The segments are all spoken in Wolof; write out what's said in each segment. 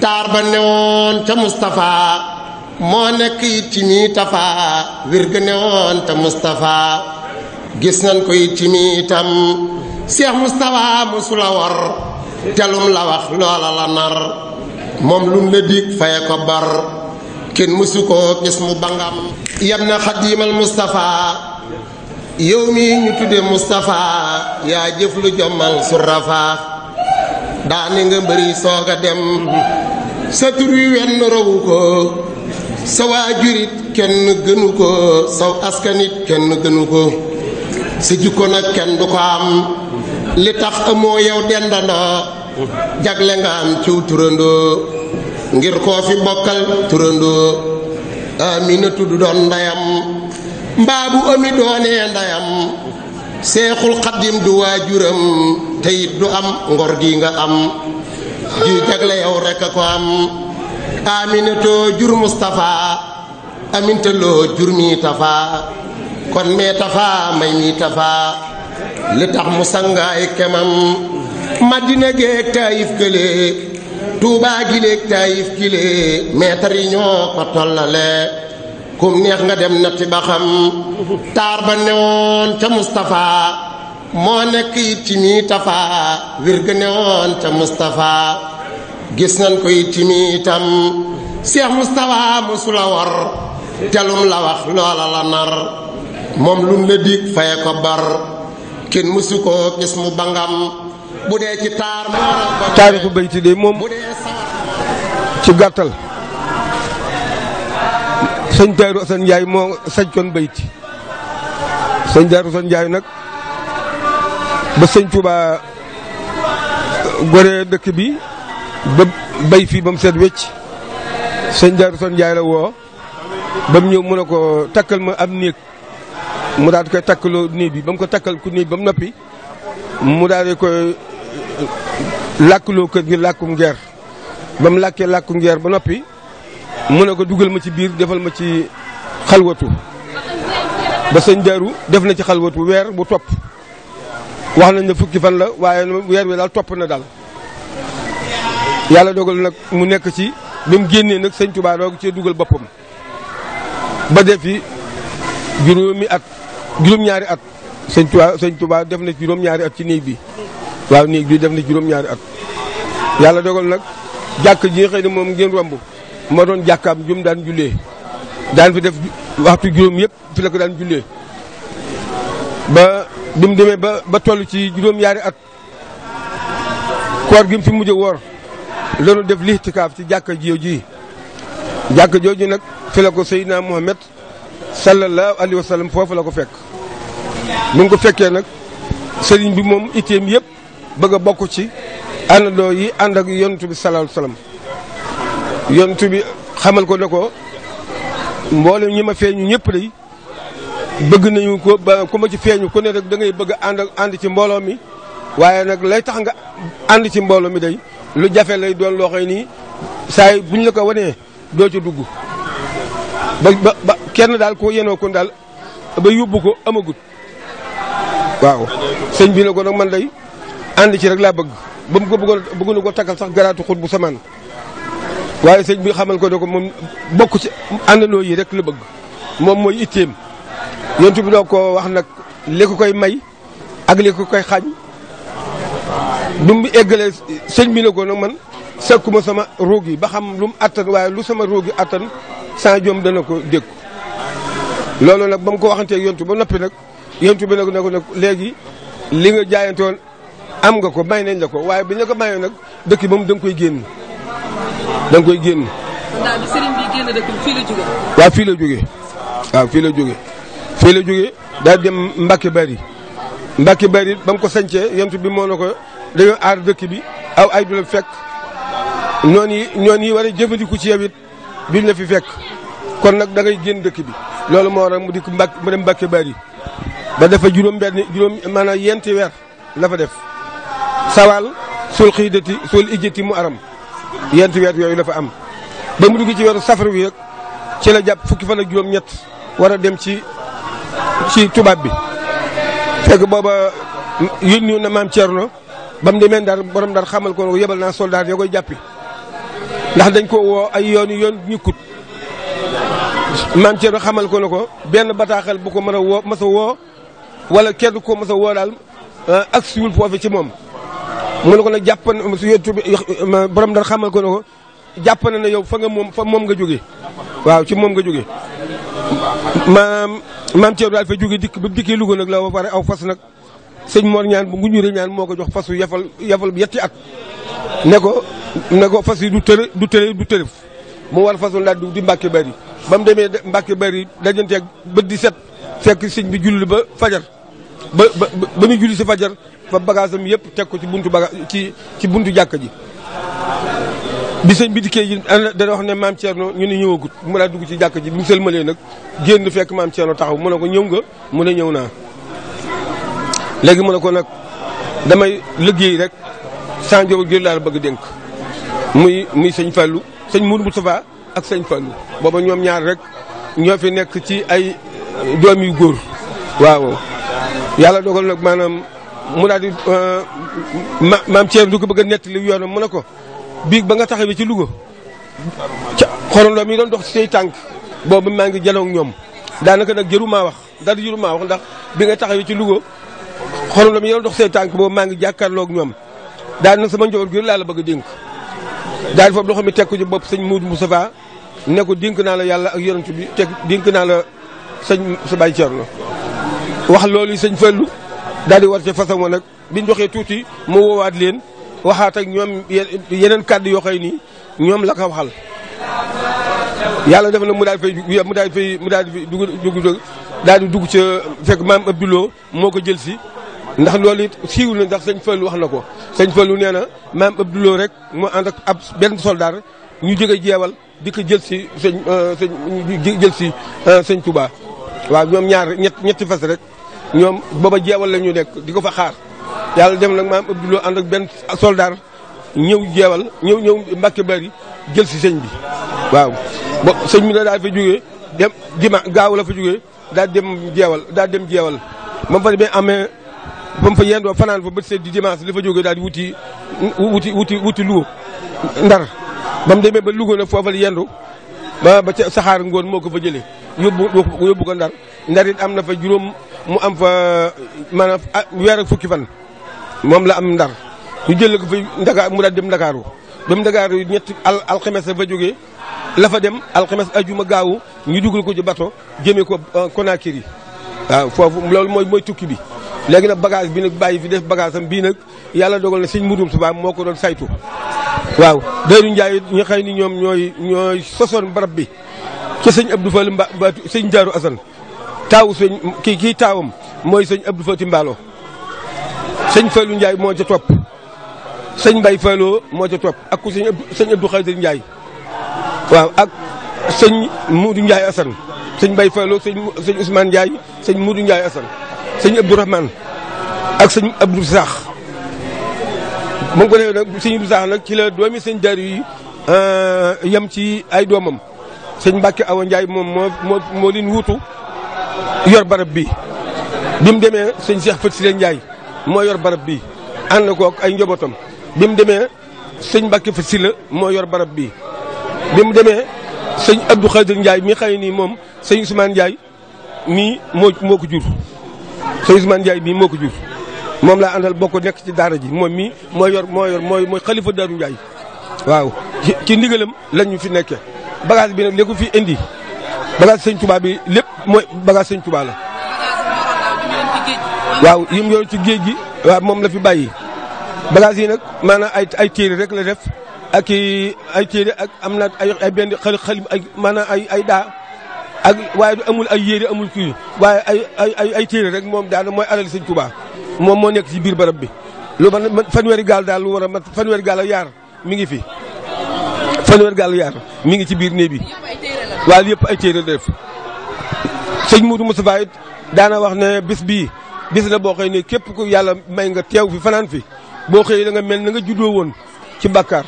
taar ba newoon ca Mustapha moo nekk it ci mii tafa wér ga newoon te Mustapha gis nañ ko it ci mii itam Cheikh Mustapha mosula war telum la wax loola la nar moom lun la dig faye ko bar kenn mësu ko gis mu bangam yem na xadiimal Mustapha yow mii ñu tudde Mustapha yaa jëf lu jommal surafa daani nga mbëri sooga dem sa tur wi wenn rawu ko sa waajurit kenn gënu ko saw askanit kenn gënu ko sa jikko nag kenn du ko am li tax amoo yow dendana jagle nga am ciw turandoo ngir koo fi bokkal turandoo aminatu du doon ndeyam mbaa bu ami doonee ndeyam seexul xadim du waajuram te du am ngor gi nga am ji jagle yow rek a ko am aminatoo jur Mustapha amintaloo jur mi tafa kon mee tafa may mi tafa li tax mu sangaay kemam madina geeg taayif kële tuubaa giléeg taayif kile meetar yi ñoo ko tollale kum neex nga dem natti ba taar ba newoon ca Mustapha moo nekk it ci mii tafaa wér newoon ca Moustapha gis nañ ko it ci mii itam Cheikh Moustapha mosu la war telum la wax loola la nar moom lun la dig faye ko bar kenn mosu koo gis mu bangam bu dee ci taar moo taarixu bayti de moom ci gàttal sëñ Tayru Asan Njaay moo sañ koon bayti sëñ Tayru Asan Njaay nag ba sëñ Touba goree dëkk bi ba bay fii ba mu seet wecc sëñ Darou Son Ndiaye la woo ba mu ñëw mu ne ko takkal ma ab néeg mu daal di koy takkaloo néeg bi ba mu ko takkal ku néeg ba noppi mu daal di koy làkkloo kër gi làkkum ngeer ba mu ba noppi mu ne ko dugal ma ci biir defal ma ci xalwatu ba sëñ Darou def na ci xalwatu weer bu topp. wax nañ ne fukki fan la waaye weer wi daal topp na daal yàlla dogal nag mu nekk ci bi mu génnee nag sëñ Touba doog cee dugal boppam ba def fi juróomi at juróom-ñaari at sëñ Touba sëñ Touba def na juróom-ñaari at ci néeg bi waaw néeg bi def na juróom-ñaari at yàlla dogal nag jàkk ji xëy na moom ngeen romb moo doon jàkkaam jum daan jullee daan fi def waxtu juróom yëpp fi la daan jullee bi mu demee ba ba toll ci juróom-ñaari at koor gi fi mujj woor loolu def lixtikaaf ci jàkk jooju yi jàkka jooju nag fi la ko Seydina Muhammad sallallahu alayhi wa foofu la ko fekk. mu ko fekkee nag sëriñ bi moom itteem yëpp bëgg a bokk ci àndandoo yi ànd ak yontu bi salaahu salaam yontu bi xamal ko ne ko mboolem ñi ma feeñu ñëpp day bëgg nañu ko ba ku ma ci feeñu ko ne rek dangay bëgg ànd ànd ci mbooloo mi waaye nag lay tax nga ànd ci mbooloo mi day lu jafe lay doon loo nii saay yi buñ la ko wanee doo ci dugg ba ba kenn daal ko yenoo kon daal ba yóbbu ko amagut waaw sëñ bi na ko nag man day ànd ci rek laa bëgg ba mu ko bëggoon bëggu na ko takkal sax garaatu xut bu samaan waaye sëñ bi xamal ko ne ko moom bokk ci àndandoo yi rek la bëgg moom mooy itteem yontu bi doo ko wax nag li koy may ak li koy xañ bi mu eggalee sëñ bi ne ko nag man sekkuma sama ruug yi ba xam lu mu attan waaye lu sama ruug yi attan sans jom dana ko dégg loolu nag ba ko ko waxanteeg yontu ba noppi nag yontu bi nag ne ko nag léegi li nga jaayante woon am nga ko may nañ la ko waaye bi ñu ko mayee nag dëkki moom da koy génn da koy génn. waa bi sëriñ fii la jógee. waaw fii la jógee fii la jógee daal dem Mbacke Bari Mbacke Bari ba mu ko sañcee yontu bi moo na ko dañoo aar dëkk bi aw ay du la fekk noonu yi noonu yi war a jëfandiku ci yow it duñ fi fekk kon nag dangay ngay génn dëkk bi loolu moo waral mu dikk Mbacke mu dem Mbacke Bari ba dafa juróom benn juróom maanaam weer la fa def sawaal sul xiidati sul ijjati mu aram yenti weer yooyu la fa am ba mu dugg ci weeru safar wi rek ci la jàpp fukki fan ak juróom ñett war a dem ci ci tubaab bi fekk booba yónni na maam Thierno ba mu demee Ndar borom Ndar xamal ko yebal naa soldat ya koy jàppi ndax dañ ko woo ay yoon yoon ñukkut maam Thierno xamal ko ne ko benn bataaxal bu ko mën a woo ma a woo wala kenn koo mas a woo daal ah, ak siwul foofu ci moom mu ne ko nag jàpp na yéen borom Ndar xamal ko ne ko jàpp na yow fa nga moom moom nga jóge waaw ci moom nga jóge maam maam Thierno daal fa jóge dikk ba dikkee Louga nag la ba pare aw fas nag sëñ Mor ñaan bu nguñure ñaan moo ko jox fasu yafal yafal bi yetti at ne ko ne ko fas yi du tërë du tërë du tërëf mu war fasul daal di Mbàkke Bari ba mu demee Mbàkke Bari dajanteeg bët di set fekk sëñ bi julli ba fajar ba ba ba julli si fajar ba bagage am yëpp teg ko ci buntu baga ci ci buntu jàkka ji bi sëñ bi dikkee yi dana wax ne maam Thierno ñu ne ñëw mu daal dugg ci jàkk ji bi mu sëlmalee nag génn fekk maam Thierno taxaw mu ko ñëw nga mu ne ñëw naa. léegi mu ne ko nag damay liggéey rek saa njaboot gi laa bëgg dénk muy muy sëñ Fallou sëñ Mourou Moustapha ak sëñ Fallou booba ñoom ñaar rek ñoo fi nekk ci ay euh, doom yu góor. waaw yàlla dogal nag maanaam mu daal euh, ma maam Thierno du ko bëgg li nettali yoonam mu ne ko. big ba nga taxawé ci lugo ca xorandoo mi doon dox ci say tànk boobu maa ngi jaloog ñoom daanaka nag jëru maa wax dara jëru maa wax ndax bi nga taxawé ci lugo Louga xorandoo mi doon dox say tànk boobu maa ngi ak ñom daan na sama njaboot gi la la bëgg dink dénk fa foofu loxo mi teg ci bop señ Moudou mustafa ne ko dink na la yalla ak yonent bi tek dink na la señ sa Baye Thierno wax loolu señ Fallou dal di war ca façon nak biñ joxee tuuti mu woowaat leen waxaat ak ñoom yeneen kàddu yoo xëy nii ñoom la ko waxal. yàlla def na mu daal fay mu daal fay mu daal di dugg daal di dugg ca fekk maam Abdoulou moo ko jël si. ndax loolu it siiw na ndax sëñ Fallou wax na ko sëñ Fallou nee na maam Abdoulou rek moo ànd ak ab benn soldaar ñu jóge jeewal dikk ko jël si sëñ euh, sëñ jël si euh, sëñ Touba. waaw ñoom ñaar ñetti fas rek ñoom booba jeewal la ñu nekk di ko fa xaar. yàlla dem nag maam Abdou Lo ànd ak benn soldaar ñëw jeewal ñëw ñëw Mbàkke Bari jël si sëñ bi waaw. bo sëñ bi nag daal fa jóge daal dem jeewal daal dem jeewal ba mu fa demee amee ba mu fa yendoo fanaan fa bët seet di li fa jógee daal di wuti wuti wuti wuti Louga ndar ba demee ba Louga nag foofa la ba saxaar ngoon moo ko fa jëlee yóbbu yóbbu ko ndar ndar am na fa juróom mu am fa maanaam weer ak fukki fan. moom la am ndar ñu jël ko fi ndakaar mu daal dem ndakaaru ba mu ndakaaru yi ñetti al alxames la fa jógee la fa dem alxames ajuma gaawu ñu ko ci bato jëmee ko euh, Conakry waaw foofu loolu mooy mooy tukki bi. léegi nag bagage bi nag bàyyi fi def bagage bii nag yàlla dogal na sëñ Murum Suba moo ko doon saytu waaw Dóoru Ndiaye ñu xëy ni ñoom ñooy ñooy sosoon barab bi ci sëñ Abdou Fall mba sëñ Daaru Asan taaw sëñ kii kii taawam mooy sëñ Abdou Fati Mballo sëñ Fallou Ndiaye moo ca topp sëñ Mbaye Fallou moo ca topp ak ku sëñ sëñ Abdou Khadir Ndiaye waaw ak sëñ Moudou Ndiaye Assane sëñ mbay Fallou sëñ sëñ Ousmane Ndiaye sëñ Moudou Ndiaye Assane sëñ Abdou Rahman ak sëñ Abdou Sakh moom ko defee nag sëñ Abdou Sakh nag ci la doomi señ Daaru yi euh, yem ci ay doomam sëñ Mbacke Awa Ndiaye moom moo moo moo yor barab bi bi mu demee sëñ Cheikh Faty Sylla Ndiaye moo yor barab bii ànd kook ay njabootam bi demee sëñ Mbàkke fa Sylla moo yor barab bii bi mu demee sëñ Abdou Khadir njaay mi xëy nii moom sëñ Ousmane Ndiaye mii moo moo ko jur sëñ Ousmane Ndiaye mii moo ko jur moom laa àndal bokk nekk ci daara ji moom mii moo yor moo yor mooy mooy xalifa Daaru Ndiaye waaw ci ndigalam lañ ñu fi nekke bagage bi nag li fi indi bagage sëñ Touba bi lépp mooy bagage sëñ Touba waaw yim yooyu ci géej gi waaw moom la fi bàyyi bagages yi nag maanaam ay ay téere rek la def ak i ay téere ak am na ay ay benn xali xali ay maanaam ay ay daa ak waaye du amul ay yére amul kii waaye ay ay ay téere rek moom daana mooy alal sëñ Touba moom moo nekk ci biir barab bi. lu man fanweeri gaal daal lu war a mat fanweeri gaal ak yaar mi ngi fi fanweeri gaal yaar mi ngi ci biir néeg bi waaye yëpp ay téere la def sëñ Moudou Moustapha it daana wax ne bis bii. bisi la boo xëy ne képp ku yàlla may nga teew fi fanaan fi boo xëy la nga mel na nga juddoo woon ci bàkkaar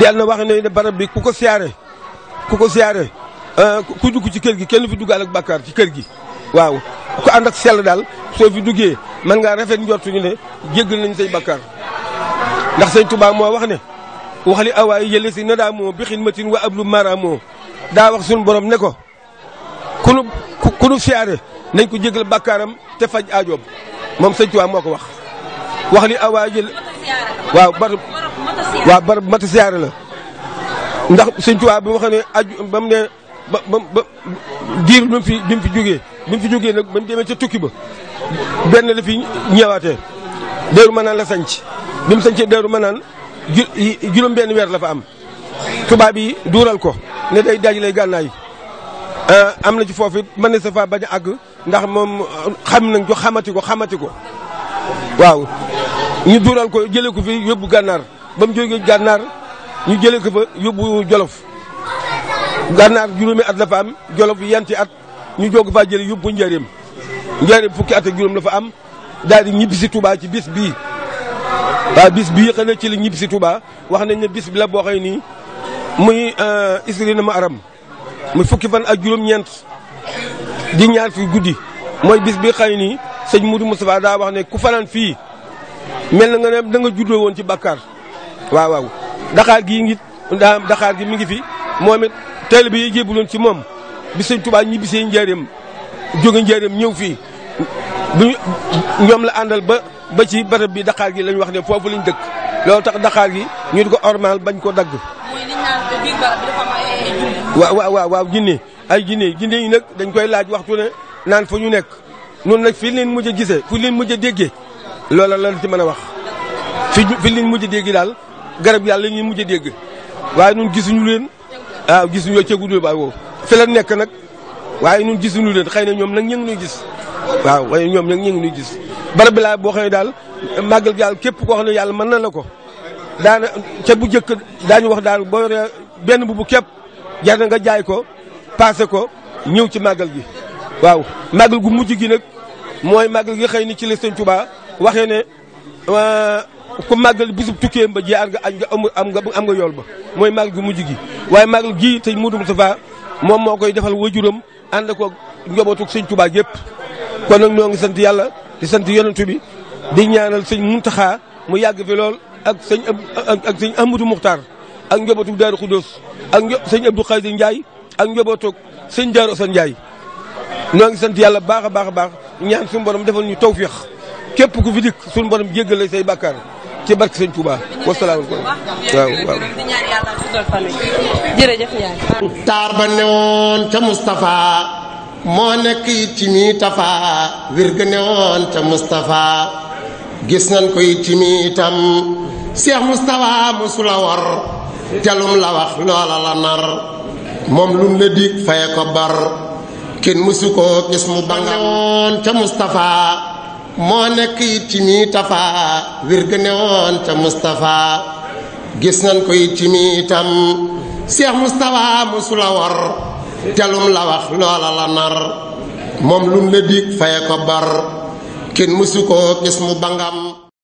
dell na wax ne barab bi ku ko siyaare ku ko siyaare ah, ku dugg ci kër gi kenn fi duggaal ak bàkkaar ci kër gi waaw ku ànd ak sel daal soo fi duggee man nga rafet njortuñu ne jégg nañ say bàkkaar ndax sëñ Tuubaa moo wax ne wax li awaay yële si na daa moo bi xin matin wa ablu mara moo daa wax suñu borom ne ko ku nu ku siyaare nañ ko jégal bàkkaaram te faj aajoom moom sëñ Tuubaa moo ko wax wax li awaajil ah, waaw barab waaw barab mata siyaare la ndax sëñ Tuubaa ba ma xam ne aju ba mu ne diir bi mu fi bi mu fi jógee bi mu fi jógee nag ba mu demee ca tukki ba benn la fi ñëwaatee deeru ma naan la sanc bi mu sancee deeru ma naan juróom benn weer la fa am tubaab yi duural ko ne day daaj lay gànnaay Euh, am na ci foofu it mën na sa fa bañ a àgg ndax moom euh, xam nañ ko xamati ko xamati ko waaw ñu duural ko jëlee ko fi yóbbu gànnaar ba mu jógee gànnaar ñu jëlee ko fa yóbbu jolof gànnaar juróomi at la fa am jolof yanti at ñu jóg faa jëlee yóbbu njaareem njaareem fukki at ak juróom la fa am daal di ñibbi si Touba ci bis bii. waaw bis bii xëy ci la ñibbi si Touba wax nañ ne bis bi la boo xëy nii muy euh, isri na ma aram mu fukki fan ak juróom-ñeent di ñaar fi guddi mooy bis bi xëy nii sëñ Moudou Moustapha daa wax ne ku fanaan fii mel na nga ne da juddoo woon ci bàkkaar waaw waaw daxaar gi ngi daxaar gi mi ngi fi moom it taalibe yi jébbuloon ci moom bi sëñ Tuubaa ñibbisee njaareem jóge njaareem ñëw fii bu ñoom la àndal ba ba ci barab bi daqaar gi lañ wax ne foofu lañ dëkk loolu tax daqaar gi ñu di ko ormal bañ koo dagg waaw waaw waaw ay jinne jinne yi nag dañ koy laaj waxtu ne naan foo ñu nekk noonu nag fii leen mujj a gisee fu leen mujj a déggee loola lan ci mën a wax fii fi mujj a dégg daal garab yàlla ñuy mujj a dégg waaye gisuñu leen waaw ah, gis yoo ceegu dul la nekk nag waaye ñun gisuñu leen xëy na ñoom nag ñu ngi nuy gis waaw waaye ñoom nag ñu ngi nuy gis barab bi laa boo xam daal màggal gi daal képp koo xam ne yàlla mën na la ko daana ca bu njëkk daañu wax daal boo yoree benn bu bu képp jar nga jaay ko paase ko ñëw ci màggal gi waaw màggal gu mujj gi nag mooy màggal gi xëy ni ci la sëñ Tuubaa waxee ne ku màggal bisub tukkeem ba jaar nga añ nga am nga am nga yool ba mooy màggal gu mujj gi waaye màggal gii te Modou Moustapha moom moo koy defal wajuram ànd ko njobootu sëñ Tuubaa yëpp kon nag ñoo ngi sant yàlla di sant yonentu bi di ñaanal sëñ Muntaxa mu yàgg fi lool ak sëñ ak sëñ Amadou Muxtaar ak njabootu Daaru Xuddoos ak sëñ Abdou Khadir Ndiaye ak njabootu sëñ Daaru Assane Ndiaye noo ngi sant yàlla baax a baax a baax ñaan suñu borom defal ñu tawféex képp ku fi dikk suñu borom jéggal say bàkkaar ci barke sëñ Touba wasalaamaaleykum waaw waaw. jërëjëf yaay. taar ba newoon ca Moustapha moo nekk it ci mi Tafa wér ga newoon ca Moustapha gis nañ ko it ci mi itam Cheikh Moustapha mosula war. telum la wax loola la nar moom lun la dig faye ko bar kenn mësu koo gis mu bangawoon ca moo nekk ci mi tafa wir gëne gis nañ ko it ci mi moom lun la dig faye ko bar kenn mësu koo gis mu bangam